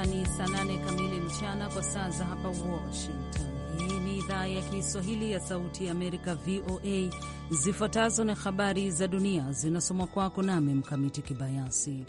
Sasa ni saa nane kamili mchana kwa saa za hapa Washington. Hii ni idhaa ya Kiswahili ya Sauti ya Amerika, VOA. Zifuatazo na habari za dunia zinasomwa kwako nami Mkamiti Kibayasi.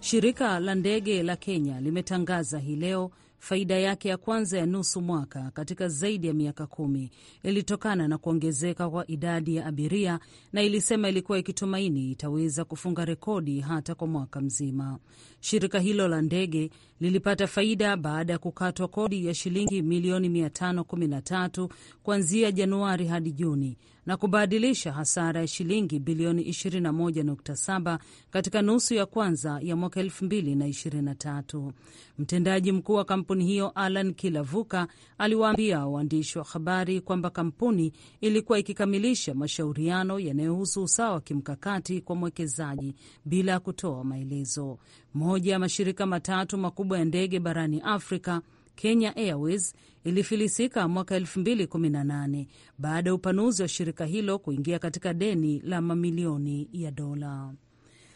Shirika la ndege la Kenya limetangaza hii leo faida yake ya kwanza ya nusu mwaka katika zaidi ya miaka kumi ilitokana na kuongezeka kwa idadi ya abiria, na ilisema ilikuwa ikitumaini itaweza kufunga rekodi hata kwa mwaka mzima. Shirika hilo la ndege lilipata faida baada ya kukatwa kodi ya shilingi milioni 513 kuanzia Januari hadi Juni na kubadilisha hasara ya shilingi bilioni 21.7 katika nusu ya kwanza ya mwaka 2023. Mtendaji mkuu wa kampuni hiyo Alan Kilavuka aliwaambia waandishi wa habari kwamba kampuni ilikuwa ikikamilisha mashauriano yanayohusu usawa wa kimkakati kwa mwekezaji bila kutoa maelezo. Moja ya mashirika matatu makubwa ya ndege barani Afrika, Kenya Airways ilifilisika mwaka 2018 baada ya upanuzi wa shirika hilo kuingia katika deni la mamilioni ya dola.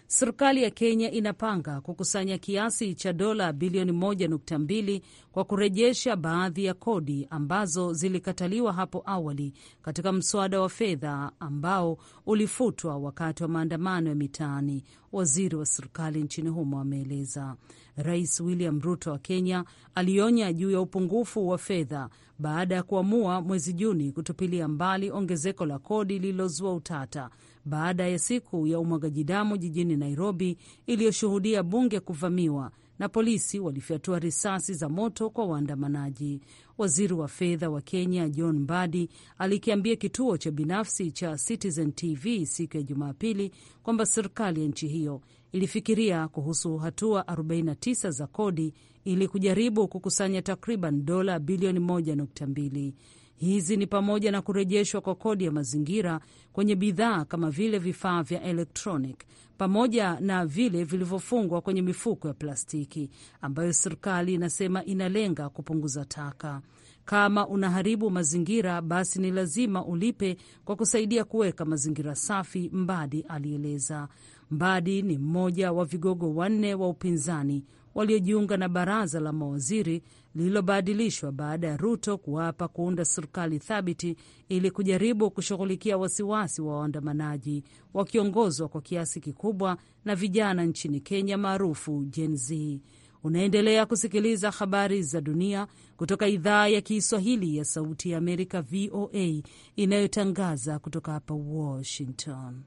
Serikali ya Kenya inapanga kukusanya kiasi cha dola bilioni 1.2 kwa kurejesha baadhi ya kodi ambazo zilikataliwa hapo awali katika mswada wa fedha ambao ulifutwa wakati wa maandamano ya mitaani, waziri wa serikali nchini humo ameeleza. Rais William Ruto wa Kenya alionya juu ya upungufu wa fedha baada ya kuamua mwezi Juni kutupilia mbali ongezeko la kodi lililozua utata baada ya siku ya umwagaji damu jijini Nairobi iliyoshuhudia bunge kuvamiwa na polisi walifyatua risasi za moto kwa waandamanaji. Waziri wa fedha wa Kenya John Mbadi alikiambia kituo cha binafsi cha Citizen TV siku ya Jumapili kwamba serikali ya nchi hiyo ilifikiria kuhusu hatua 49 za kodi ili kujaribu kukusanya takriban dola bilioni 1.2. Hizi ni pamoja na kurejeshwa kwa kodi ya mazingira kwenye bidhaa kama vile vifaa vya electronic pamoja na vile vilivyofungwa kwenye mifuko ya plastiki ambayo serikali inasema inalenga kupunguza taka. Kama unaharibu mazingira, basi ni lazima ulipe kwa kusaidia kuweka mazingira safi, Mbadi alieleza. Mbadi ni mmoja wa vigogo wanne wa upinzani waliojiunga na baraza la mawaziri lililobadilishwa baada ya Ruto kuapa kuunda serikali thabiti ili kujaribu kushughulikia wasiwasi wa waandamanaji wakiongozwa kwa kiasi kikubwa na vijana nchini Kenya maarufu Gen Z. Unaendelea kusikiliza habari za dunia kutoka idhaa ya Kiswahili ya Sauti ya Amerika, VOA, inayotangaza kutoka hapa Washington.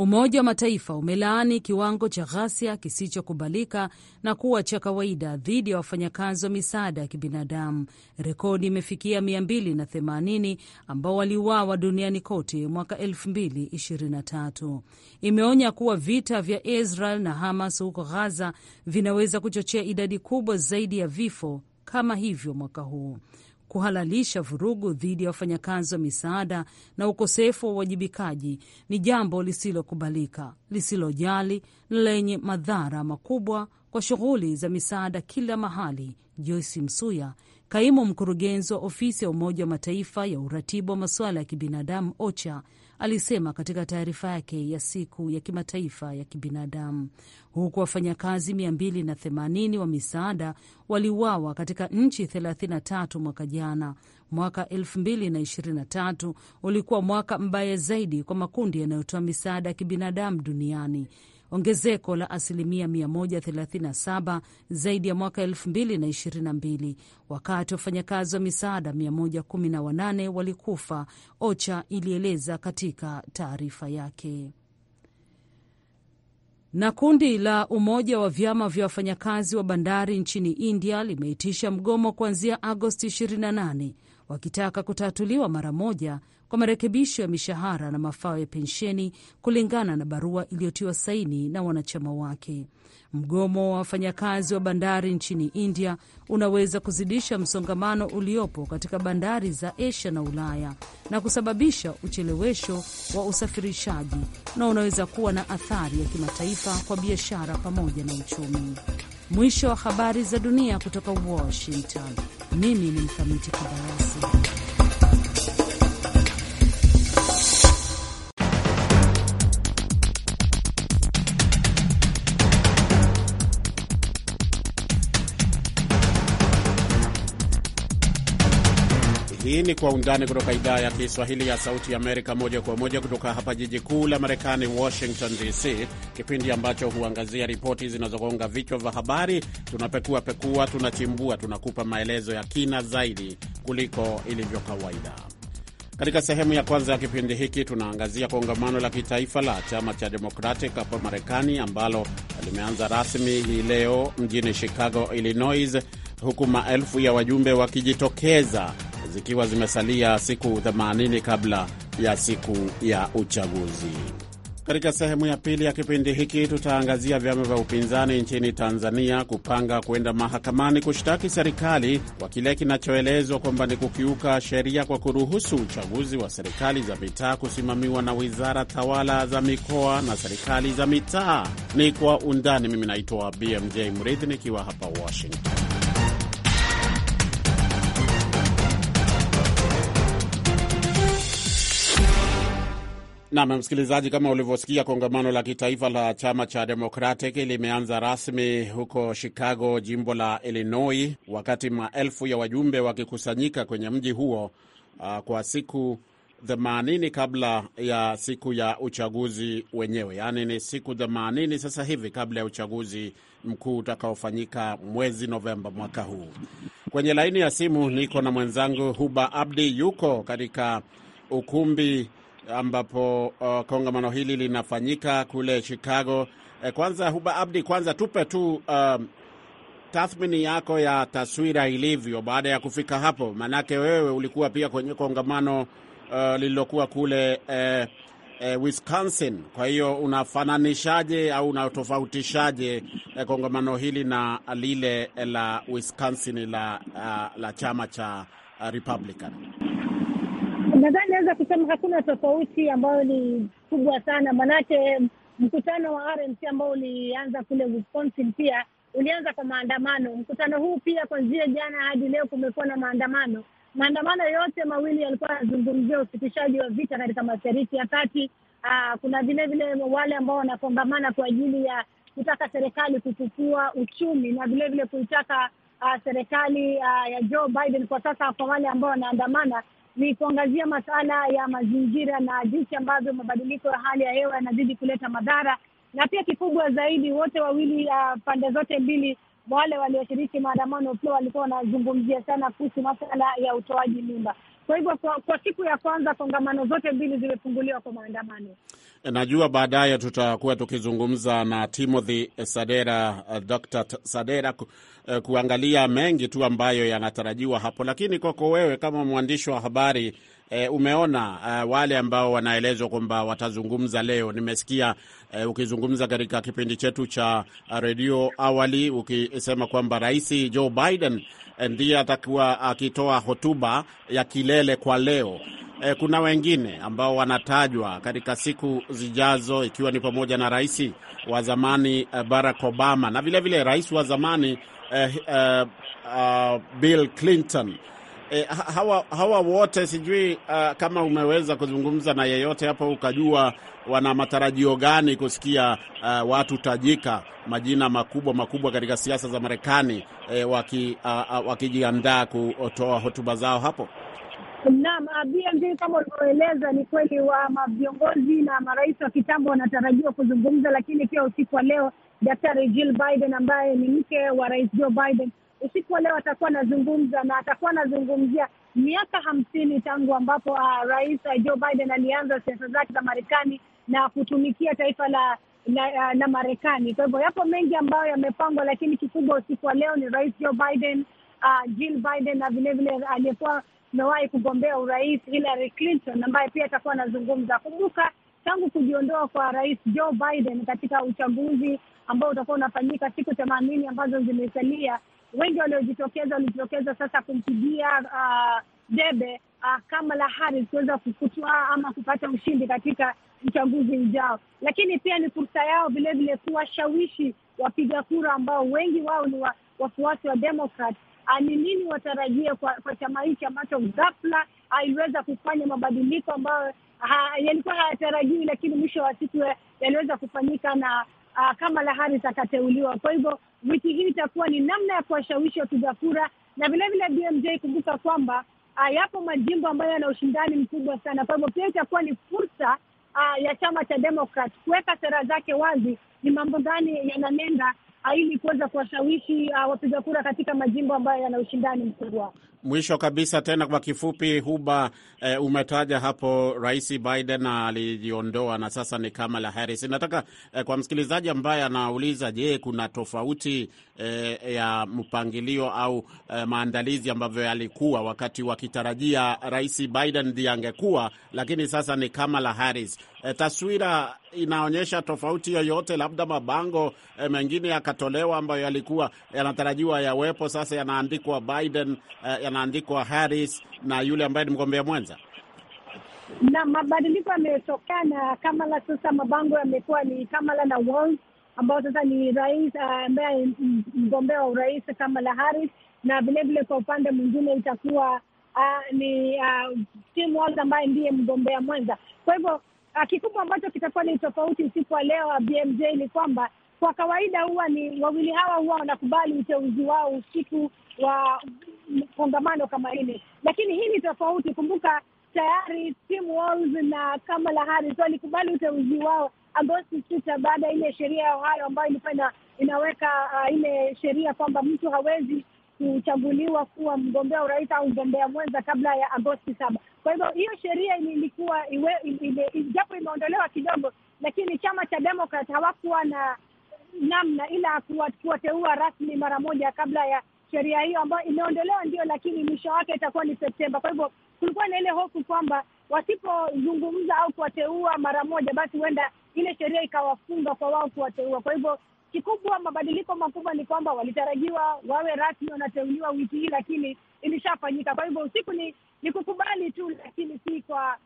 Umoja wa Mataifa umelaani kiwango cha ghasia kisichokubalika na kuwa cha kawaida dhidi ya wafanyakazi wa misaada ya kibinadamu. Rekodi imefikia 280 ambao waliuawa duniani kote mwaka 2023. Imeonya kuwa vita vya Israel na Hamas huko Gaza vinaweza kuchochea idadi kubwa zaidi ya vifo kama hivyo mwaka huu kuhalalisha vurugu dhidi ya wafanyakazi wa misaada na ukosefu wa uwajibikaji ni jambo lisilokubalika, lisilojali na lenye madhara makubwa kwa shughuli za misaada kila mahali, Joyce Msuya Kaimu mkurugenzi wa ofisi ya Umoja wa Mataifa ya uratibu wa masuala ya kibinadamu OCHA alisema katika taarifa yake ya siku ya kimataifa ya kibinadamu, huku wafanyakazi 280 wa misaada waliuawa katika nchi 33 mwaka jana. Mwaka 2023 ulikuwa mwaka mbaya zaidi kwa makundi yanayotoa misaada ya kibinadamu duniani ongezeko la asilimia 137 zaidi ya mwaka 2022, wakati wafanyakazi wa misaada 118 walikufa, OCHA ilieleza katika taarifa yake na kundi la Umoja wa Vyama vya Wafanyakazi wa Bandari nchini India limeitisha mgomo kuanzia Agosti 28 wakitaka kutatuliwa mara moja kwa marekebisho ya mishahara na mafao ya pensheni kulingana na barua iliyotiwa saini na wanachama wake. Mgomo wa wafanyakazi wa bandari nchini India unaweza kuzidisha msongamano uliopo katika bandari za Asia na Ulaya na kusababisha uchelewesho wa usafirishaji na unaweza kuwa na athari ya kimataifa kwa biashara pamoja na uchumi. Mwisho wa habari za dunia kutoka Washington. Mimi ni Mkamiti Kibayasi. Hii ni Kwa Undani kutoka idhaa ya Kiswahili ya Sauti Amerika, moja kwa moja kutoka hapa jiji kuu la Marekani, Washington DC, kipindi ambacho huangazia ripoti zinazogonga vichwa vya habari. Tunapekua pekua, tunachimbua, tunakupa maelezo ya kina zaidi kuliko ilivyo kawaida. Katika sehemu ya kwanza ya kipindi hiki tunaangazia kongamano la kitaifa la chama cha demokratic hapa Marekani ambalo limeanza rasmi hii leo mjini Chicago, Illinois, huku maelfu ya wajumbe wakijitokeza zikiwa zimesalia siku 80 kabla ya siku ya uchaguzi. Katika sehemu ya pili ya kipindi hiki tutaangazia vyama vya upinzani nchini Tanzania kupanga kwenda mahakamani kushtaki serikali kwa kile kinachoelezwa kwamba ni kukiuka sheria kwa kuruhusu uchaguzi wa serikali za mitaa kusimamiwa na wizara tawala za mikoa na serikali za mitaa. Ni kwa undani. Mimi naitwa BMJ mridhi nikiwa hapa Washington. Nam msikilizaji, kama ulivyosikia, kongamano la kitaifa la chama cha Democratic limeanza rasmi huko Chicago, jimbo la Illinois, wakati maelfu ya wajumbe wakikusanyika kwenye mji huo uh, kwa siku 80 kabla ya siku ya uchaguzi wenyewe, yaani ni siku 80 sasa hivi kabla ya uchaguzi mkuu utakaofanyika mwezi Novemba mwaka huu. Kwenye laini ya simu niko na mwenzangu Huba Abdi, yuko katika ukumbi ambapo uh, kongamano hili linafanyika kule Chicago. E, kwanza Huba Abdi, kwanza tupe tu um, tathmini yako ya taswira ilivyo baada ya kufika hapo, maanake wewe ulikuwa pia kwenye kongamano uh, lililokuwa kule eh, eh, Wisconsin. Kwa hiyo unafananishaje au unatofautishaje eh, kongamano hili na lile la Wisconsin la, uh, la chama cha uh, Republican? Nadhani naweza kusema hakuna tofauti ambayo ni kubwa sana, manake mkutano wa RNC ambao ulianza kule Wisconsin pia ulianza kwa maandamano. Mkutano huu pia kuanzia jana hadi leo kumekuwa na maandamano. Maandamano yote mawili yalikuwa yanazungumzia usitishaji wa vita katika mashariki ya kati. Aa, ah, kuna vilevile wale ambao wanakongamana kwa ajili ya kutaka serikali kuchukua uchumi na vilevile kuitaka ah, serikali ah, ya Joe Biden kwa sasa, kwa wale ambao wanaandamana ni kuangazia masala ya mazingira na jinsi ambavyo mabadiliko ya hali ya hewa yanazidi kuleta madhara, na pia kikubwa zaidi, wote wawili uh, pande zote mbili, wale walioshiriki maandamano pia walikuwa wanazungumzia sana kuhusu masala ya utoaji mimba. Kwa hivyo kwa, kwa siku ya kwanza kongamano zote mbili zimefunguliwa kwa maandamano. Najua baadaye tutakuwa tukizungumza na Timothy Sadera, d eh, Dr. Sadera eh, kuangalia mengi tu ambayo yanatarajiwa hapo, lakini kwako wewe kama mwandishi wa habari E, umeona uh, wale ambao wanaelezwa kwamba watazungumza leo. Nimesikia uh, ukizungumza katika kipindi chetu cha redio awali ukisema kwamba Rais Joe Biden ndiye atakuwa akitoa hotuba ya kilele kwa leo eh, kuna wengine ambao wanatajwa katika siku zijazo, ikiwa ni pamoja na rais wa zamani eh, Barack Obama na vilevile vile rais wa zamani eh, eh, uh, Bill Clinton. E, hawa, hawa wote sijui uh, kama umeweza kuzungumza na yeyote hapo ukajua wana matarajio gani kusikia uh, watu tajika majina makubwa makubwa katika siasa za Marekani e, waki, uh, uh, wakijiandaa kutoa hotuba zao hapo. Naam, ah, BMJ, kama ulivyoeleza, ni kweli wa maviongozi na marais wa kitambo wanatarajiwa kuzungumza, lakini pia usiku wa leo Daktari Jill Biden ambaye ni mke wa rais Joe Biden usiku wa leo atakuwa anazungumza na atakuwa anazungumzia miaka hamsini tangu ambapo uh, rais uh, Joe Biden alianza siasa zake za Marekani na kutumikia taifa la la, uh, la Marekani. Kwa hivyo yapo mengi ambayo yamepangwa, lakini kikubwa usiku wa leo ni rais Joe Biden, uh, Jill Biden na vilevile aliyekuwa amewahi kugombea urais Hillary Clinton ambaye pia atakuwa anazungumza. Kumbuka tangu kujiondoa kwa rais Joe Biden katika uchaguzi ambao utakuwa unafanyika siku themanini ambazo zimesalia, wengi waliojitokeza walijitokeza sasa kumpigia uh, debe uh, Kamala Harris kuweza kukutwa ama kupata ushindi katika uchaguzi ujao, lakini pia ni fursa yao vilevile kuwashawishi wapiga kura ambao wengi wao ni wa, wafuasi wa Democrat Ah, ni nini watarajia kwa, kwa chama hichi ambacho ghafla aliweza ah, kufanya mabadiliko ambayo ha, ah, yalikuwa hayatarajiwi, lakini mwisho wa siku eh, yaliweza kufanyika na uh, Kamala Harris akateuliwa. Kwa hivyo wiki hii itakuwa ni namna ya kuwashawishi wapiga kura na vilevile BMJ, kumbuka kwamba uh, yapo majimbo ambayo yana ushindani mkubwa sana. Kwa hivyo pia itakuwa ni fursa uh, ya chama cha Demokrat kuweka sera zake wazi, ni mambo gani yananenda ili kuweza kuwashawishi uh, wapiga kura katika majimbo ambayo yana ushindani mkubwa. Mwisho kabisa tena kwa kifupi, Huba, e, umetaja hapo Rais Biden alijiondoa na sasa ni Kamala Harris. Nataka e, kwa msikilizaji ambaye anauliza, je, kuna tofauti e, ya mpangilio au e, maandalizi ambavyo yalikuwa wakati wakitarajia Rais Biden ndi angekuwa, lakini sasa ni Kamala Harris. E, taswira inaonyesha tofauti yoyote, labda mabango e, mengine yakatolewa ambayo yalikuwa yanatarajiwa yawepo, sasa yanaandikwa Biden e, yanaandikwa Harris na yule ambaye ni mgombea mwenza? Na mabadiliko yametokana, Kamala sasa mabango yamekuwa ni Kamala na Walz, ambao sasa ni rais ah, ambaye mgombea wa urais Kamala Harris, na vilevile kwa upande mwingine itakuwa uh, ni uh, Tim Walz ambaye ndiye mgombea mwenza. Kwa hivyo uh, kikubwa ambacho kitakuwa ni tofauti usiku wa leo wa BMJ ni kwamba kwa kawaida huwa ni wawili hawa huwa wanakubali uteuzi wao usiku wa kongamano kama hili, lakini hii ni tofauti. Kumbuka tayari Tim Walz na Kamala Harris walikubali uteuzi wao Agosti sita baada ya ile sheria ya Ohio ambayo ilikuwa inaweka uh, ile sheria kwamba mtu hawezi kuchaguliwa kuwa mgombea urais au mgombea mwenza kabla ya Agosti saba. Kwa hivyo hiyo sheria ilikuwa iwe, japo imeondolewa kidogo, lakini chama cha Demokrat hawakuwa na namna ila kuwateua rasmi mara moja kabla ya sheria hiyo ambayo imeondolewa ndio, lakini mwisho wake itakuwa ni Septemba. Kwa hivyo kulikuwa na ile hofu kwamba wasipozungumza au kuwateua mara moja, basi huenda ile sheria ikawafunga kwa wao kuwateua. Kwa hivyo kikubwa, mabadiliko makubwa ni kwamba walitarajiwa wawe rasmi wanateuliwa wiki hii, lakini ilishafanyika. Kwa hivyo usiku ni, ni kukubali tu, lakini si kwa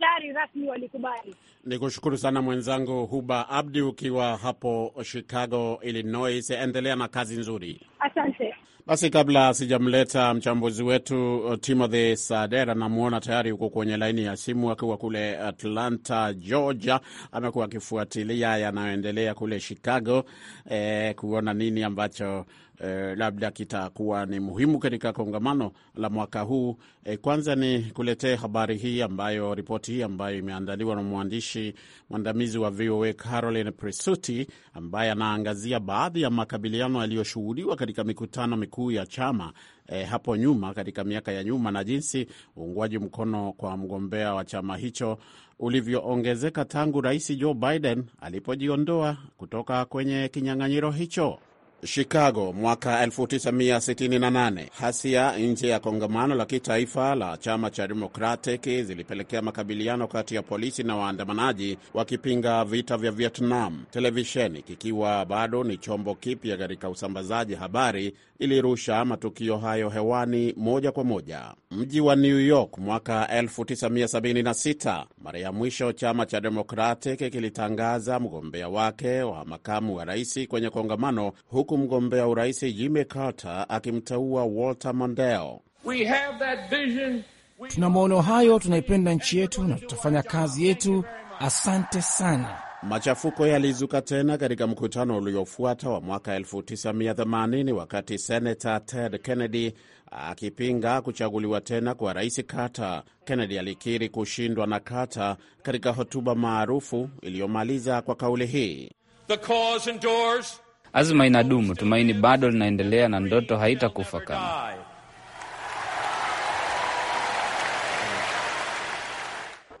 madaktari rasmi walikubali. Ni kushukuru sana mwenzangu Huba Abdi ukiwa hapo Chicago, Illinois. Endelea na kazi nzuri, asante. Basi kabla sijamleta mchambuzi wetu uh, Timothy Sadera, namwona tayari yuko kwenye laini ya simu akiwa kule Atlanta, Georgia. Amekuwa akifuatilia yanayoendelea kule Chicago, eh, kuona nini ambacho eh, labda kitakuwa ni muhimu katika kongamano la mwaka huu. Eh, kwanza ni kuletea habari hii ambayo, ripoti hii ambayo imeandaliwa na mwandishi mwandamizi wa VOA Caroline Presutti, ambaye anaangazia baadhi ya makabiliano yaliyoshuhudiwa katika mikutano mikuu ya chama E, hapo nyuma katika miaka ya nyuma na jinsi uungwaji mkono kwa mgombea wa chama hicho ulivyoongezeka tangu Rais Joe Biden alipojiondoa kutoka kwenye kinyang'anyiro hicho. Chicago mwaka 1968. Hasia nje ya kongamano la kitaifa la chama cha Democratic zilipelekea makabiliano kati ya polisi na waandamanaji wakipinga vita vya Vietnam. Televisheni kikiwa bado ni chombo kipya katika usambazaji habari, ilirusha matukio hayo hewani moja kwa moja. Mji wa New York mwaka 1976, mara ya mwisho chama cha Democratic kilitangaza mgombea wake wa makamu wa rais kwenye kongamano huku mgombea urais Jimmy Carter akimteua Walter Mondale. Tuna maono hayo, tunaipenda nchi yetu na tutafanya kazi yetu. Asante sana. Machafuko yalizuka tena katika mkutano uliofuata wa mwaka 1980 wakati senata Ted Kennedy akipinga kuchaguliwa tena kwa rais Carter. Kennedy alikiri kushindwa na Carter katika hotuba maarufu iliyomaliza kwa kauli hii: The cause endures. Azma inadumu, tumaini bado linaendelea na ndoto haitakufa kama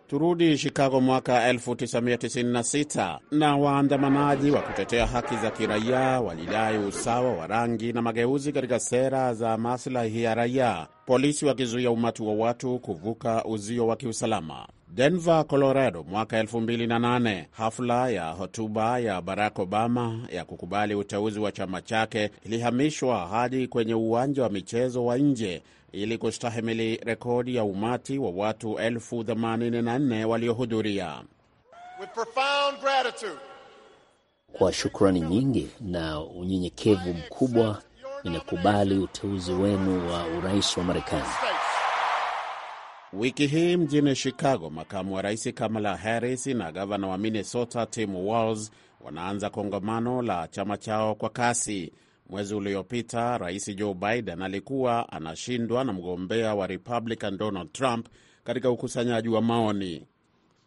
Turudi Chicago mwaka 1996 na waandamanaji wa kutetea haki za kiraia walidai usawa wa rangi na mageuzi katika sera za maslahi ya raia, polisi wakizuia umati wa watu kuvuka uzio wa kiusalama. Denver, Colorado mwaka 2008. Hafla ya hotuba ya Barack Obama ya kukubali uteuzi wa chama chake ilihamishwa hadi kwenye uwanja wa michezo wa nje ili kustahimili rekodi ya umati wa watu 84 waliohudhuria. Kwa shukrani nyingi na unyenyekevu mkubwa, ninakubali uteuzi wenu wa urais wa Marekani. Wiki hii mjini Chicago, makamu wa rais Kamala Harris na gavana wa Minnesota Tim Walz wanaanza kongamano la chama chao kwa kasi. Mwezi uliopita rais Joe Biden alikuwa anashindwa na mgombea wa Republican Donald Trump katika ukusanyaji wa maoni.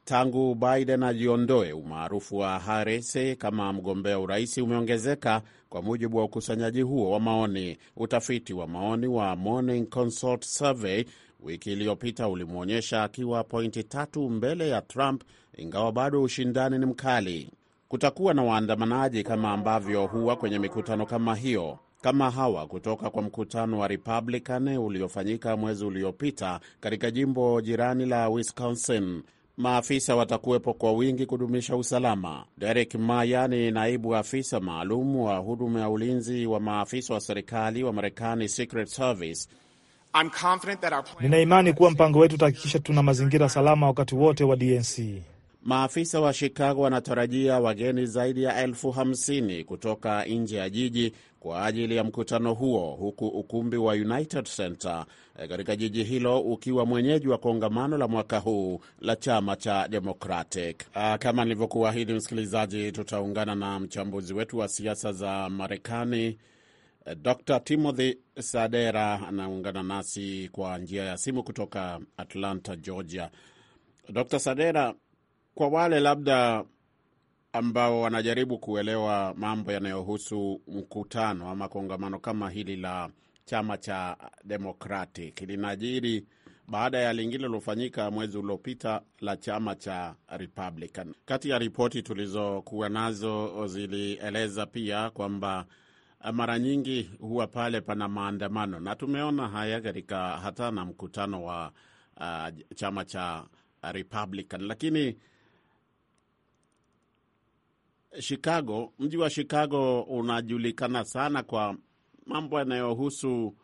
Tangu Biden ajiondoe, umaarufu wa Harris kama mgombea urais umeongezeka, kwa mujibu wa ukusanyaji huo wa maoni. Utafiti wa maoni wa Morning Consult Survey wiki iliyopita ulimwonyesha akiwa pointi tatu mbele ya Trump, ingawa bado ushindani ni mkali. Kutakuwa na waandamanaji kama ambavyo huwa kwenye mikutano kama hiyo, kama hawa kutoka kwa mkutano wa Republican uliofanyika mwezi uliopita katika jimbo jirani la Wisconsin. Maafisa watakuwepo kwa wingi kudumisha usalama. Derek Maya ni naibu afisa maalum wa huduma ya ulinzi wa maafisa wa serikali wa Marekani, Secret Service Nina imani kuwa mpango wetu utahakikisha tuna mazingira salama wakati wote wa DNC. Maafisa wa Chicago wanatarajia wageni zaidi ya elfu hamsini kutoka nje ya jiji kwa ajili ya mkutano huo, huku ukumbi wa United Center eh, katika jiji hilo ukiwa mwenyeji wa kongamano la mwaka huu la chama cha Democratic. Ah, kama nilivyokuahidi, msikilizaji, tutaungana na mchambuzi wetu wa siasa za Marekani Eh, Dr Timothy Sadera anaungana nasi kwa njia ya simu kutoka Atlanta, Georgia. Dr Sadera, kwa wale labda ambao wanajaribu kuelewa mambo yanayohusu mkutano ama kongamano kama hili la chama cha Democratic linajiri baada ya lingine lilofanyika mwezi uliopita la chama cha Republican. Kati ya ripoti tulizokuwa nazo zilieleza pia kwamba Eh, mara nyingi huwa pale pana maandamano, na tumeona haya katika hata na mkutano wa uh, chama cha Republican. Lakini Chicago, mji wa Chicago unajulikana sana kwa mambo yanayohusu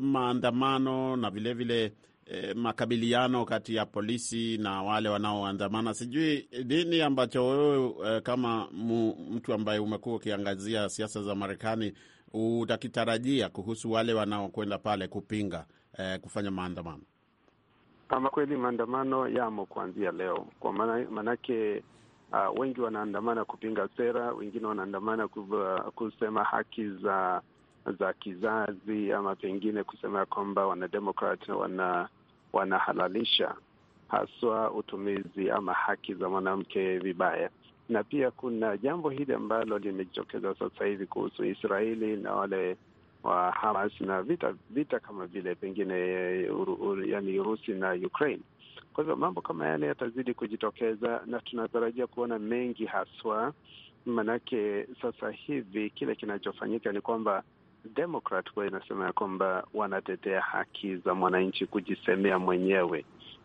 maandamano na vilevile vile Eh, makabiliano kati ya polisi na wale wanaoandamana. Sijui nini ambacho wewe eh, kama mu, mtu ambaye umekuwa ukiangazia siasa za Marekani utakitarajia kuhusu wale wanaokwenda pale kupinga eh, kufanya maandamano. Kama kweli maandamano yamo kuanzia leo, kwa maanake uh, ah, wengi wanaandamana kupinga sera, wengine wanaandamana kusema haki za za kizazi ama pengine kusema kwamba wanademokrat wana wanahalalisha haswa utumizi ama haki za mwanamke vibaya. Na pia kuna jambo hili ambalo limejitokeza sasa hivi kuhusu Israeli na wale wa Hamas na vita vita kama vile pengine uru, uru, yani Urusi na Ukraine. Kwa hivyo mambo kama yale yatazidi kujitokeza na tunatarajia kuona mengi haswa, maanake sasa hivi kile kinachofanyika ni kwamba demokrat huwa inasema ya kwamba wanatetea haki za mwananchi kujisemea mwenyewe.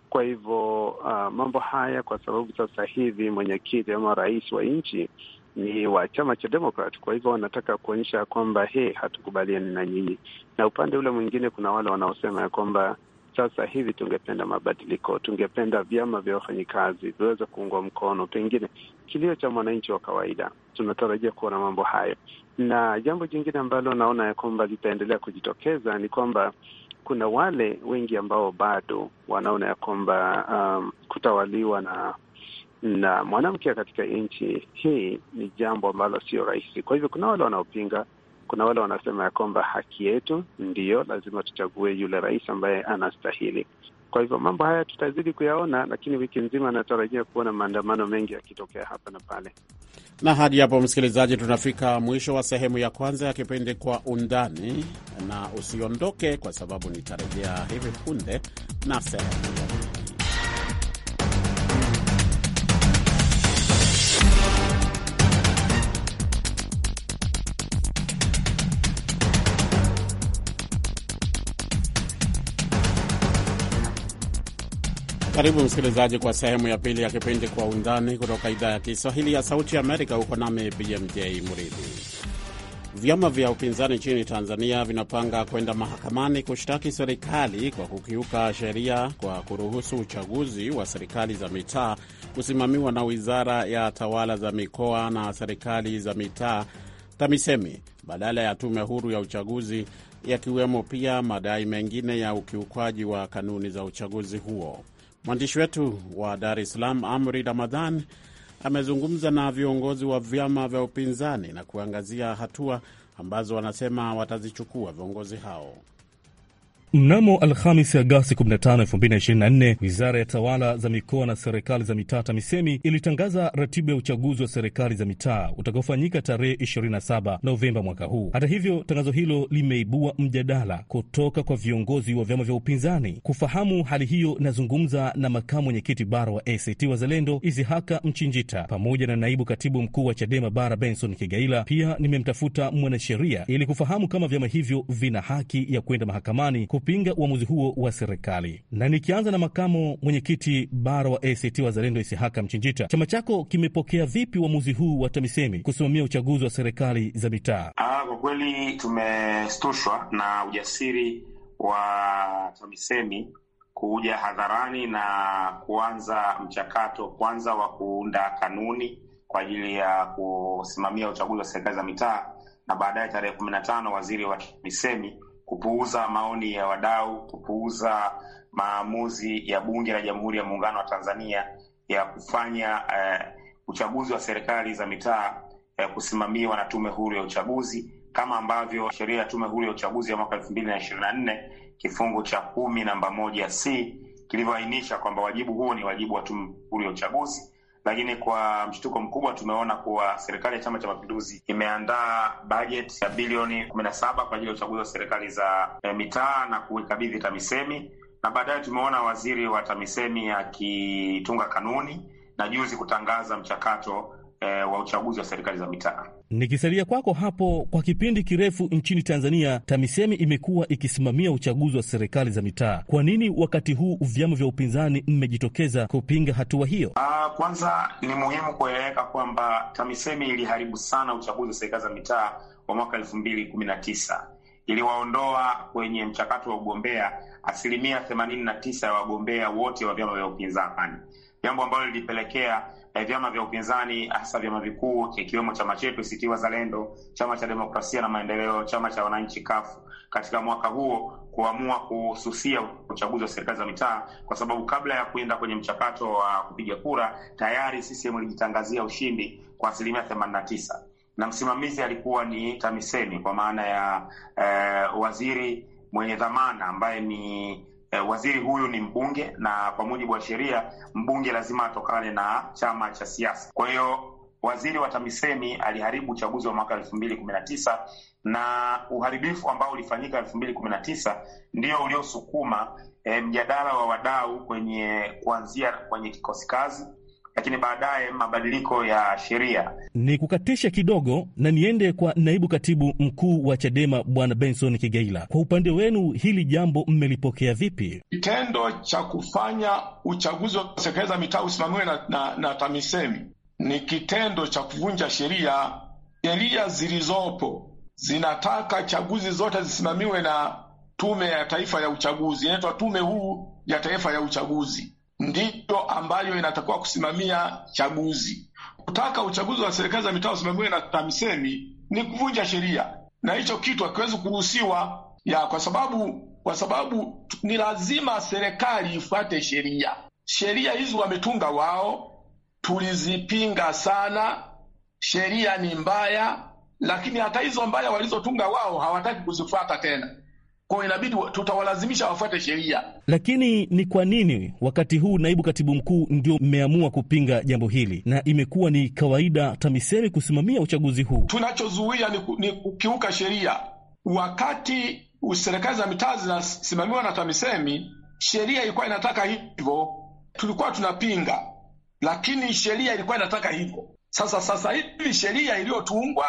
Kwa hivyo uh, mambo haya kwa sababu sasa hivi mwenyekiti ama rais wa nchi ni wa chama cha Demokrat. Kwa hivyo wanataka kuonyesha kwamba he, hatukubaliani na nyinyi. Na upande ule mwingine kuna wale wanaosema ya kwamba sasa hivi tungependa mabadiliko, tungependa vyama vya wafanyikazi viweze kuungwa mkono, pengine kilio cha mwananchi wa kawaida. Tunatarajia kuona mambo hayo, na jambo jingine ambalo naona ya kwamba litaendelea kujitokeza ni kwamba kuna wale wengi ambao bado wanaona ya kwamba um, kutawaliwa na na mwanamke katika nchi hii ni jambo ambalo sio rahisi. Kwa hivyo kuna wale wanaopinga, kuna wale wanasema ya kwamba haki yetu, ndiyo lazima tuchague yule rais ambaye anastahili. Kwa hivyo mambo haya tutazidi kuyaona, lakini wiki nzima anatarajia kuona maandamano mengi yakitokea hapa na pale. Na hadi hapo, msikilizaji, tunafika mwisho wa sehemu ya kwanza ya kipindi Kwa Undani, na usiondoke kwa sababu nitarejea hivi punde na sehemu Karibu msikilizaji kwa sehemu ya pili ya kipindi Kwa Undani kutoka idhaa ya Kiswahili ya Sauti ya Amerika. Huko nami BMJ Mridhi. Vyama vya upinzani nchini Tanzania vinapanga kwenda mahakamani kushtaki serikali kwa kukiuka sheria kwa kuruhusu uchaguzi wa serikali za mitaa kusimamiwa na Wizara ya Tawala za Mikoa na Serikali za Mitaa, TAMISEMI, badala ya Tume Huru ya Uchaguzi, yakiwemo pia madai mengine ya ukiukwaji wa kanuni za uchaguzi huo. Mwandishi wetu wa Dar es Salaam, Amri Ramadhan, amezungumza na viongozi wa vyama vya upinzani na kuangazia hatua ambazo wanasema watazichukua viongozi hao. Mnamo Alhamisi Agasti 15, 2024, wizara ya tawala za mikoa na serikali za mitaa TAMISEMI ilitangaza ratiba ya uchaguzi wa serikali za mitaa utakaofanyika tarehe 27 Novemba mwaka huu. Hata hivyo, tangazo hilo limeibua mjadala kutoka kwa viongozi wa vyama vya upinzani. Kufahamu hali hiyo, nazungumza na makamu mwenyekiti bara wa ACT Wazalendo Isihaka Mchinjita pamoja na naibu katibu mkuu wa CHADEMA bara Benson Kigaila. Pia nimemtafuta mwanasheria ili kufahamu kama vyama hivyo vina haki ya kwenda mahakamani kupinga uamuzi huo wa serikali. Na nikianza na makamu mwenyekiti bara wa ACT Wazalendo Isihaka Mchinjita, chama chako kimepokea vipi uamuzi huu wa TAMISEMI kusimamia uchaguzi wa serikali za mitaa? Ah, kwa kweli tumestushwa na ujasiri wa TAMISEMI kuja hadharani na kuanza mchakato kwanza wa kuunda kanuni kwa ajili ya kusimamia uchaguzi wa serikali za mitaa, na baadaye tarehe kumi na tano waziri wa TAMISEMI kupuuza maoni ya wadau, kupuuza maamuzi ya Bunge la Jamhuri ya Muungano wa Tanzania ya kufanya eh, uchaguzi wa serikali za mitaa eh, kusimamiwa na Tume Huru ya Uchaguzi kama ambavyo sheria ya Tume Huru ya Uchaguzi ya mwaka elfu mbili na ishirini na nne kifungu cha kumi namba moja c kilivyoainisha kwamba wajibu huo ni wajibu wa Tume Huru ya Uchaguzi lakini kwa mshtuko mkubwa tumeona kuwa serikali ya Chama cha Mapinduzi imeandaa bajeti ya bilioni kumi na saba kwa ajili ya uchaguzi wa serikali za e, mitaa na kuikabidhi TAMISEMI na baadaye tumeona waziri wa TAMISEMI akitunga kanuni na juzi kutangaza mchakato e, wa uchaguzi wa serikali za mitaa. Nikisalia kwako hapo, kwa kipindi kirefu nchini Tanzania, TAMISEMI imekuwa ikisimamia uchaguzi wa serikali za mitaa. Kwa nini wakati huu vyama vya upinzani mmejitokeza kupinga hatua hiyo? Uh, kwanza ni muhimu kueleweka kwamba TAMISEMI iliharibu sana uchaguzi wa serikali za mitaa wa mwaka elfu mbili kumi na tisa iliwaondoa kwenye mchakato wa ugombea asilimia themanini na tisa ya wagombea wote wa vyama vya upinzani, jambo ambalo lilipelekea Eh, vyama vya upinzani hasa vyama vikuu ikiwemo chama chetu ACT Wazalendo, chama cha demokrasia na maendeleo, chama cha wananchi kafu katika mwaka huo kuamua kususia uchaguzi wa serikali za mitaa, kwa sababu kabla ya kuenda kwenye mchakato wa kupiga kura tayari CCM ilijitangazia ushindi kwa asilimia themanini na tisa na msimamizi alikuwa ni TAMISEMI kwa maana ya eh, waziri mwenye dhamana ambaye ni eh, waziri huyu ni mbunge, na kwa mujibu wa sheria mbunge lazima atokane na chama cha siasa. Kwa hiyo waziri wa TAMISEMI aliharibu uchaguzi wa mwaka elfu mbili kumi na tisa na uharibifu ambao ulifanyika elfu mbili kumi na tisa ndio uliosukuma eh, mjadala wa wadau kwenye kuanzia kwenye kikosi kazi lakini baadaye mabadiliko ya sheria. Ni kukatisha kidogo na niende kwa naibu katibu mkuu wa Chadema Bwana Benson Kigaila, kwa upande wenu hili jambo mmelipokea vipi? Kitendo cha kufanya uchaguzi wa serikali za mitaa usimamiwe na, na, na TAMISEMI ni kitendo cha kuvunja sheria. Sheria zilizopo zinataka chaguzi zote zisimamiwe na Tume ya Taifa ya Uchaguzi, inaitwa Tume huu ya Taifa ya Uchaguzi ndiyo ambayo inatakiwa kusimamia chaguzi. Kutaka uchaguzi wa serikali za mitaa usimamiwe na TAMISEMI ni kuvunja sheria, na hicho kitu hakiwezi kuruhusiwa ya, kwa sababu kwa sababu ni lazima serikali ifuate sheria. Sheria hizi wametunga wao, tulizipinga sana. Sheria ni mbaya, lakini hata hizo mbaya walizotunga wao hawataki kuzifuata tena kwao inabidi tutawalazimisha wafuate sheria. Lakini ni kwa nini wakati huu, naibu katibu mkuu, ndio mmeamua kupinga jambo hili na imekuwa ni kawaida TAMISEMI kusimamia uchaguzi huu? Tunachozuia ni, ni kukiuka sheria. Wakati serikali za mitaa zinasimamiwa na TAMISEMI, sheria ilikuwa inataka hivyo, tulikuwa tunapinga, lakini sheria ilikuwa inataka hivyo. Sasa sasa hivi sheria iliyotungwa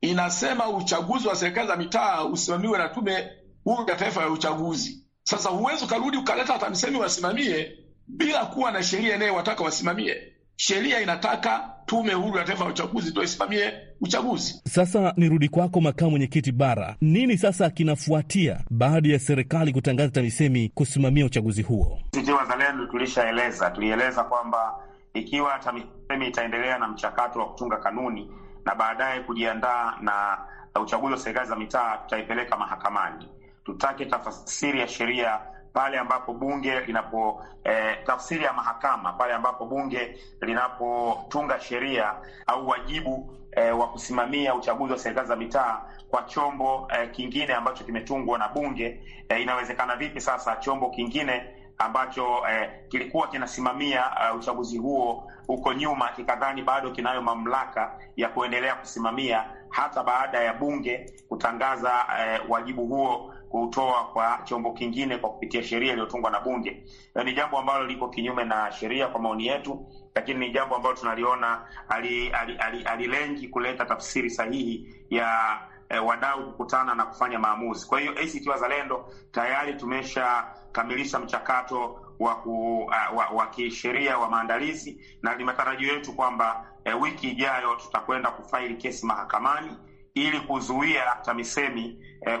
inasema uchaguzi wa serikali za mitaa usimamiwe na tume bunge taifa ya uchaguzi. Sasa huwezi ukarudi ukaleta TAMISEMI wasimamie bila kuwa na sheria wataka wasimamie. Sheria inataka tume huru ya taifa ya uchaguzi ndio isimamie uchaguzi. Sasa nirudi kwako, makamu mwenyekiti bara, nini sasa kinafuatia baada ya serikali kutangaza TAMISEMI kusimamia uchaguzi huo? Sisi wazalendo tulishaeleza, tulieleza kwamba ikiwa TAMISEMI itaendelea na mchakato wa kutunga kanuni na baadaye kujiandaa na uchaguzi wa serikali za mitaa, tutaipeleka mahakamani tutake tafsiri ya sheria pale ambapo bunge linapo eh, tafsiri ya mahakama pale ambapo bunge linapotunga sheria au wajibu eh, wa kusimamia uchaguzi wa serikali za mitaa kwa chombo eh, kingine ambacho kimetungwa na bunge eh, inawezekana vipi sasa chombo kingine ambacho eh, kilikuwa kinasimamia uh, uchaguzi huo huko nyuma kikadhani bado kinayo mamlaka ya kuendelea kusimamia hata baada ya bunge kutangaza eh, wajibu huo kutoa kwa chombo kingine kwa kupitia sheria iliyotungwa na Bunge. Ni jambo ambalo liko kinyume na sheria kwa maoni yetu, lakini ni jambo ambalo tunaliona alilengi ali, ali, ali kuleta tafsiri sahihi ya eh, wadau kukutana na kufanya maamuzi. Kwa hiyo ACT Wazalendo tayari tumeshakamilisha mchakato wa, uh, wa, wa kisheria wa maandalizi na ni matarajio yetu kwamba e, wiki ijayo tutakwenda kufaili kesi mahakamani ili kuzuia TAMISEMI eh,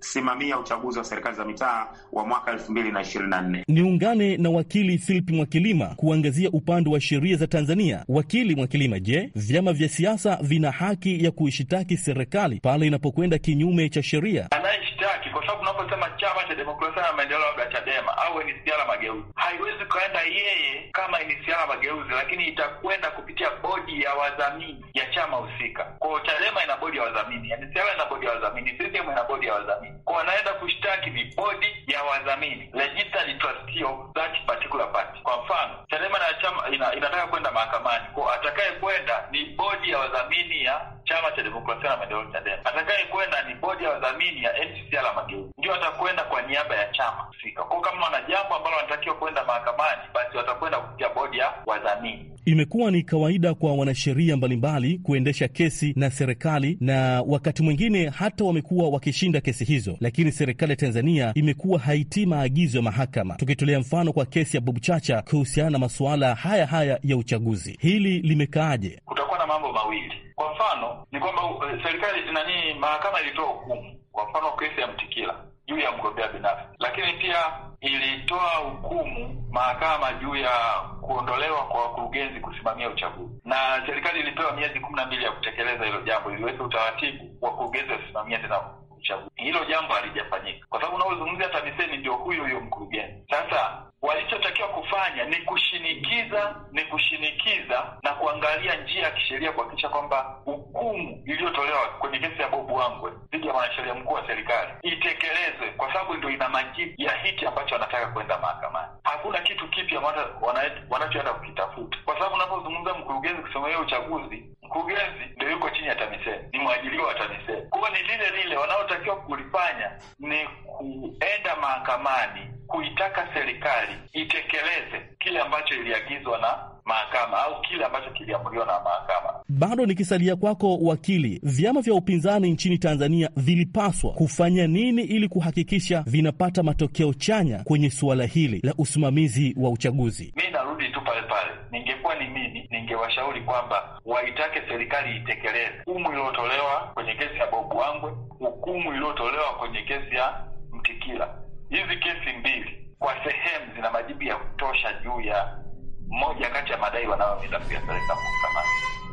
simamia uchaguzi wa serikali za mitaa wa mwaka elfu mbili na ishirini na nne. Niungane na wakili Philip Mwakilima kuangazia upande wa sheria za Tanzania. Wakili Mwakilima, je, vyama vya siasa vina haki ya kuishitaki serikali pale inapokwenda kinyume cha sheria? kwa sababu unaposema chama cha demokrasia na maendeleo, labda Chadema au NCCR Mageuzi, haiwezi ukaenda yeye kama NCCR Mageuzi, lakini itakwenda kupitia bodi ya wadhamini ya chama husika. ko Chadema ina bodi ya wadhamini, NCCR ina bodi ya wadhamini, CCM ina bodi ya wadhamini. Kwao anaenda kushtaki ni bodi ya wadhamini, registered trustee of that particular party. Kwa mfano Chadema na chama ina, inataka kwenda mahakamani, kwao atakaye kwenda ni bodi ya wadhamini ya chama cha demokrasia na maendeleo Chadema. Atakaye kwenda ni bodi ya wadhamini ya NCCR Mageuzi, ndio atakwenda kwa niaba ya chama husika. Kwao kama wana jambo ambalo wanatakiwa kwenda mahakamani, basi watakwenda kupitia bodi ya wadhamini. Imekuwa ni kawaida kwa wanasheria mbalimbali kuendesha kesi na serikali, na wakati mwingine hata wamekuwa wakishinda kesi hizo, lakini serikali ya Tanzania imekuwa haitii maagizo ya mahakama, tukitolea mfano kwa kesi ya Bobu Chacha kuhusiana na masuala haya haya ya uchaguzi. Hili limekaaje? Kutakuwa na mambo mawili kwa mfano ni kwamba uh, serikali nani, mahakama ilitoa hukumu, kwa mfano kesi ya Mtikila juu ya mgombea binafsi, lakini pia ilitoa hukumu mahakama juu ya kuondolewa kwa wakurugenzi kusimamia uchaguzi, na serikali ilipewa miezi kumi na mbili ya kutekeleza hilo jambo, iliweka utaratibu wakurugenzi wasimamia tena uchaguzi. Hilo jambo halijafanyika kwa sababu unaozungumzia TAMISEMI ndio huyo huyo mkurugenzi. Sasa walichotakiwa kufanya ni kushinikiza, ni kushinikiza na kuangalia njia ya kisheria kuhakikisha kwamba hukumu iliyotolewa kwenye kesi ya Bobu Wangwe dhidi ya mwanasheria mkuu wa serikali itekelezwe, kwa sababu ndio ina majibu ya hiki ambacho wanataka kwenda mahakamani. Hakuna kitu kipya wanachoenda kukitafuta, kwa sababu unapozungumza mkurugenzi kusimamia uchaguzi, mkurugenzi ndio yuko chini ya TAMISEMI, ni mwajiliwa wa TAMISEMI, kwa ni lile lile wanao mnachotakiwa kulifanya ni kuenda mahakamani kuitaka serikali itekeleze kile ambacho iliagizwa na mahakama au kile ambacho kiliamuliwa na mahakama. Bado nikisalia kwako, wakili, vyama vya upinzani nchini Tanzania vilipaswa kufanya nini ili kuhakikisha vinapata matokeo chanya kwenye suala hili la usimamizi wa uchaguzi? Mi narudi tu pale pale, ningekuwa ni ningewashauri kwamba waitake serikali itekeleze hukumu iliyotolewa kwenye kesi ya Bobu Wangwe, hukumu iliyotolewa kwenye kesi ya Mtikila. Hizi kesi mbili kwa sehemu zina majibu ya kutosha juu ya moja kati ya madai wanayovilaia serikali mahakamani.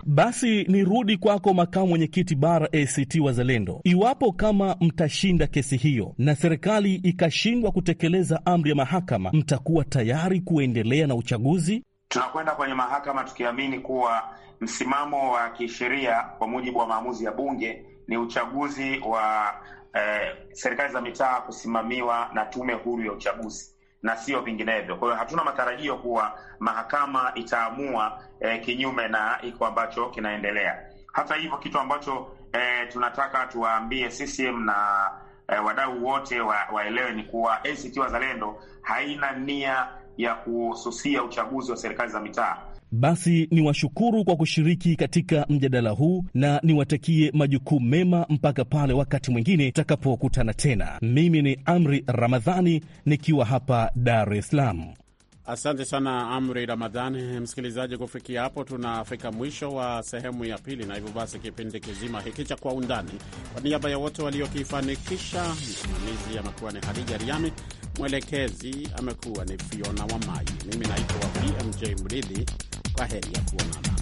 Basi nirudi kwako makamu mwenyekiti bara ACT Wazalendo, iwapo kama mtashinda kesi hiyo na serikali ikashindwa kutekeleza amri ya mahakama, mtakuwa tayari kuendelea na uchaguzi? Tunakwenda kwenye mahakama tukiamini kuwa msimamo wa kisheria kwa mujibu wa maamuzi ya bunge ni uchaguzi wa eh, serikali za mitaa kusimamiwa na tume huru ya uchaguzi na sio vinginevyo. Kwa hiyo hatuna matarajio kuwa mahakama itaamua eh, kinyume na hiko ambacho kinaendelea. Hata hivyo, kitu ambacho eh, tunataka tuwaambie CCM na eh, wadau wote waelewe wa ni kuwa ACT Wazalendo haina nia ya kuhususia uchaguzi wa serikali za mitaa. Basi ni washukuru kwa kushiriki katika mjadala huu na niwatakie majukuu mema mpaka pale wakati mwingine tutakapokutana tena. Mimi ni Amri Ramadhani nikiwa hapa Dar es Salaam. Asante sana Amri Ramadhani. Msikilizaji, kufikia hapo tunafika mwisho wa sehemu ya pili, na hivyo basi kipindi kizima hiki cha Kwa Undani, kwa niaba ya wote waliokifanikisha, msimamizi amekuwa ni Hadija Riami, mwelekezi amekuwa ni Fiona Wamai, mimi naitwa BMJ Mridhi. Kwa heri ya kuonana.